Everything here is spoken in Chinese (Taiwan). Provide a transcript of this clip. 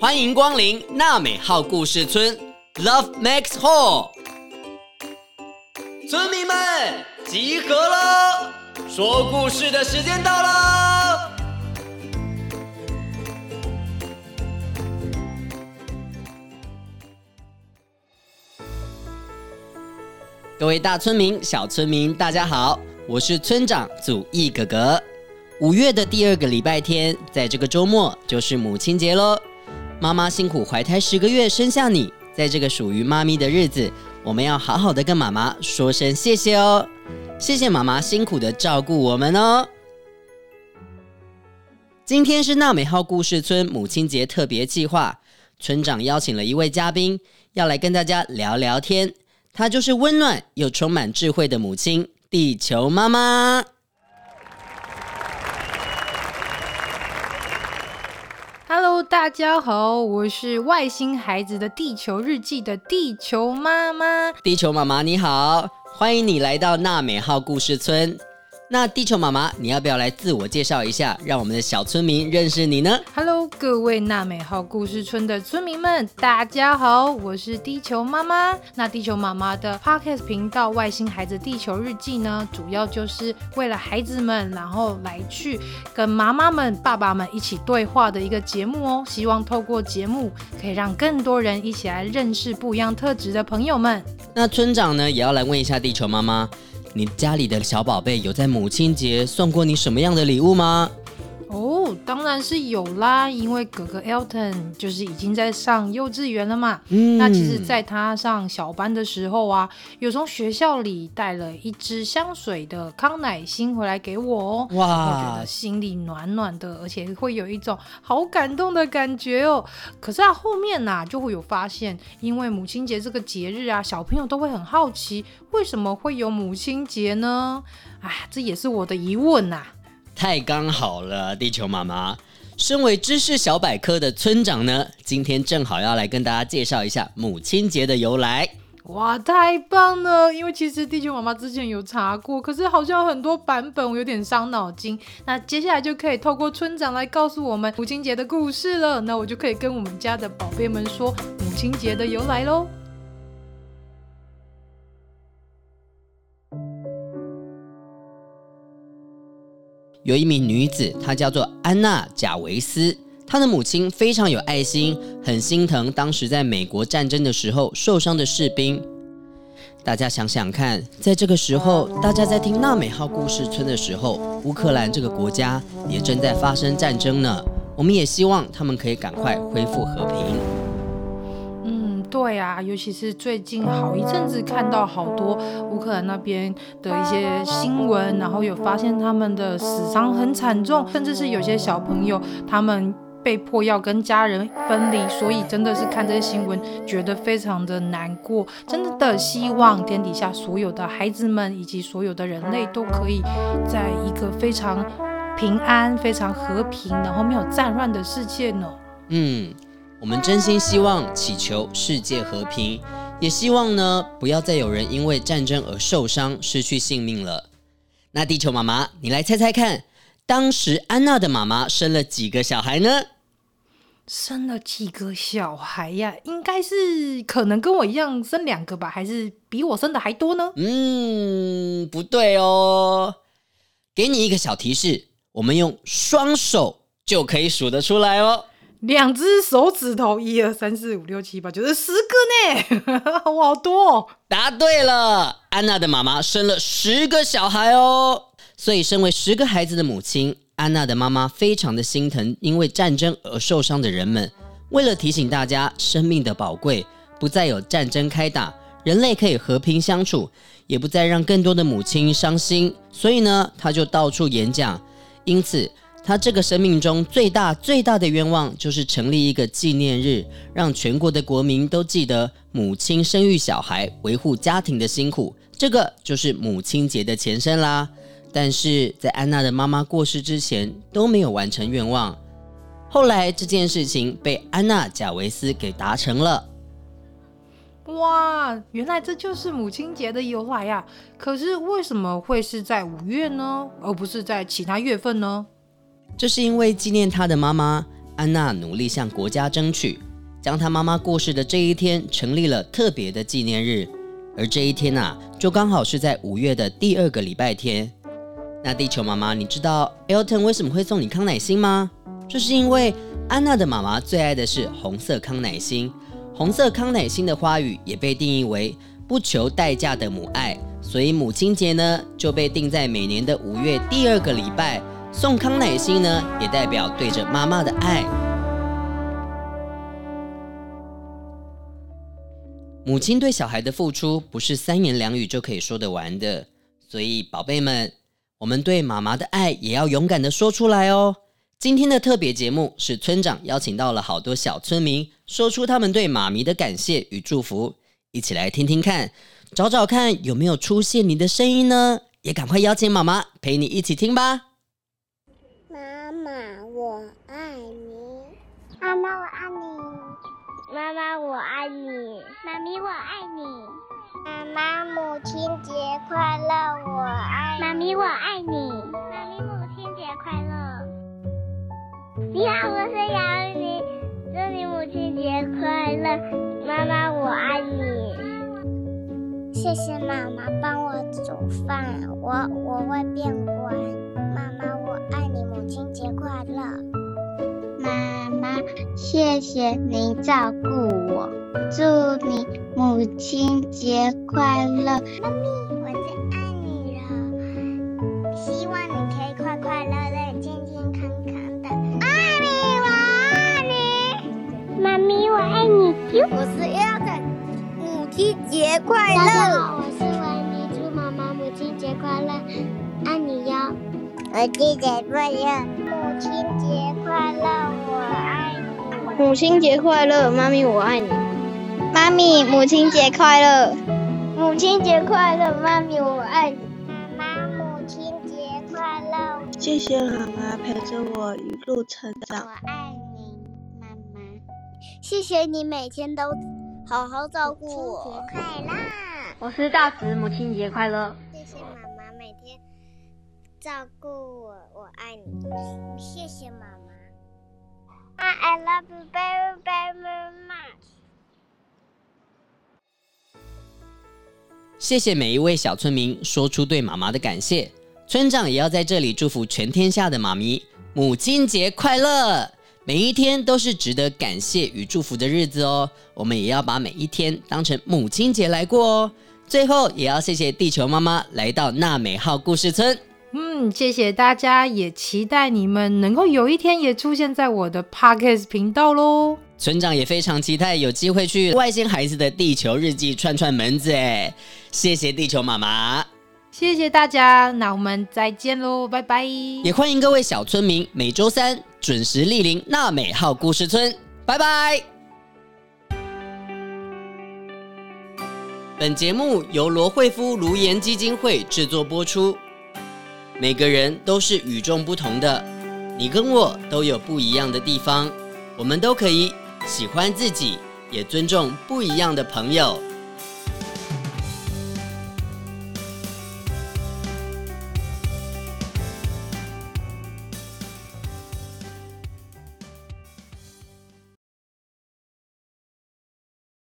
歡迎光臨納美號故事村，Love makes whole。村民們集合咯，說故事的時間到嘍！各位大村民、小村民，大家好，我是村長祖逸哥哥。五月的第二個禮拜天，在這個周末就是母親節嘍。媽媽辛苦懷胎十個月生下你，在這個屬於媽咪的日子，我們要好好的跟媽媽說聲謝謝哦，謝謝媽媽辛苦的照顧我們哦。今天是納美號故事村母親節特別企劃，村長邀請了一位嘉賓要來跟大家聊聊天，她就是溫暖又充滿智慧的母親——地球媽媽。大家好，我是外星孩子的地球日記的地球媽媽。地球媽媽你好，歡迎你來到納美號故事村。那地球媽媽，你要不要來自我介紹一下，讓我們的小村民認識你呢？Hello，各位納美號故事村的村民們，大家好，我是地球媽媽。那地球媽媽的 Podcast 頻道《外星孩子地球日記》呢，主要就是為了孩子們，然後來去跟媽媽們、爸爸們一起對話的一個節目哦。希望透過節目，可以讓更多人一起來認識不一樣特質的朋友們。那村長呢，也要來問一下地球媽媽。你家裡的小寶貝有在母親節送過你什麼樣的禮物嗎？當然是有啦，因為哥哥 Elton 就是已經在上幼稚園了嘛。嗯。那其實，在他上小班的時候啊，有從學校裡帶了一支香水的康乃馨回來給我哦。哇，我覺得心裡暖暖的，而且會有一種好感動的感覺哦。可是啊，後面吶、啊、就會有發現，因為母親節這個節日啊，小朋友都會很好奇，為什麼會有母親節呢？哎，這也是我的疑問吶、啊。太剛好了，地球媽媽。身為知識小百科的村長呢，今天正好要來跟大家介紹一下母親節的由來。哇，太棒了！因為其實地球媽媽之前有查過，可是好像有很多版本，我有點傷腦筋。那接下來就可以透過村長來告訴我們母親節的故事了。那我就可以跟我們家的寶貝們說母親節的由來嘍。有一名女子，她叫做安娜·賈維斯，她的母親非常有愛心，很心疼當時在美國戰爭的時候受傷的士兵。大家想想看，在這個時候，大家在聽《納美號故事村》的時候，烏克蘭這個國家也正在發生戰爭呢。我們也希望他們可以趕快恢復和平。對啊，尤其是最近好一陣子看到好多烏克蘭那邊的一些新聞，然後有發現他們的死傷很慘重，甚至是有些小朋友他們被迫要跟家人分離，所以真的是看這些新聞覺得非常的難過。真的希望天底下所有的孩子們以及所有的人類都可以在一個非常平安、非常和平，然後沒有戰亂的世界呢。嗯。我們真心希望祈求世界和平，也希望呢，不要再有人因為戰爭而受傷、失去性命了。那地球媽媽，你來猜猜看，當時安娜的媽媽生了幾個小孩呢？生了幾個小孩呀、啊？應該是可能跟我一樣生兩個吧，還是比我生的還多呢？嗯，不對哦。給你一個小提示，我們用雙手就可以數得出來哦。兩只手指頭，一二三四五六七八，九十，十個呢，好多哦！答對了，安娜的媽媽生了十個小孩哦，所以身為十個孩子的母親，安娜的媽媽非常的心疼，因為戰爭而受傷的人們。為了提醒大家生命的寶貴，不再有戰爭開打，人類可以和平相處，也不再讓更多的母親傷心，所以呢，她就到處演講。因此。他這個生命中最大最大的願望就是成立一個紀念日，讓全國的國民都記得母親生育小孩、維護家庭的辛苦。這個就是母親節的前身啦。但是在安娜的媽媽過世之前都沒有完成願望。後來這件事情被安娜賈維斯給達成了。哇，原來這就是母親節的由來呀、啊！可是為什麼會是在五月呢？而不是在其他月份呢？這是因為紀念他的媽媽安娜努力向國家爭取，將他媽媽過世的這一天成立了特別的紀念日，而這一天吶，就剛好是在五月的第二個禮拜天。那地球媽媽，你知道 Elton 為什麼會送你康乃馨嗎？這是因為安娜的媽媽最愛的是紅色康乃馨，紅色康乃馨的花語也被定義為不求代價的母愛，所以母親節呢，就被定在每年的五月第二個禮拜。送康乃馨呢，也代表對着媽媽的愛。母親對小孩的付出，不是三言兩語就可以說得完的。所以，寶貝們，我們對媽媽的愛也要勇敢的說出來哦。今天的特別節目是村長邀請到了好多小村民，說出他們對媽咪的感謝與祝福，一起來聽聽看，找找看有沒有出現你的聲音呢？也趕快邀請媽媽陪你一起聽吧。媽，我愛你。媽媽，我愛你。媽媽，我愛你。媽咪，我愛你。媽媽，母親節快樂，我愛。媽咪，我愛你。媽咪，母親節快樂。你好，我是楊雨林，祝你母親節快樂，媽媽，我愛你。謝謝媽媽幫我煮飯，我我會變乖。謝謝您照顧我，祝你母親節快樂，媽咪，我最愛你了，希望你可以快快樂樂、健健康康的。媽咪，我愛你。媽咪，我愛你。我是要的，母親節快樂。我是維尼，祝媽媽，母親節快樂，愛你喲。我弟弟快樂，我我媽媽母快樂，母親節快樂，我。母親節快樂，媽咪我愛你。媽咪，母親節快樂。母親節快樂，母親節快樂，媽咪我愛你。媽媽，母親節快樂。謝謝媽媽陪着我一路成長。我愛你，媽媽。謝謝你每天都好好照顧我。快樂。我是大慈，母親節快樂。謝謝媽媽每天照顧我，我愛你。謝謝媽媽。I love you very, very, very much. 謝謝每一位小村民說出對媽媽的感謝，村長也要在這裡祝福全天下的媽咪，母親節快樂！每一天都是值得感謝與祝福的日子哦，我們也要把每一天當成母親節來過哦。最後也要謝謝地球媽媽來到納美號故事村。嗯、謝謝大家，也期待你們能夠有一天也出現在我的 Podcast 頻道嘍。村長也非常期待有機會去《外星孩子的地球日記》串串門子。哎，謝謝地球媽媽，謝謝大家，那我們再見嘍，拜拜。也歡迎各位小村民每週三準時蒞臨《納美號故事村》，拜拜。本節目由羅慧夫顱顏基金會製作播出。每個人都是與眾不同的，你跟我都有不一樣的地方，我們都可以喜歡自己，也尊重不一樣的朋友。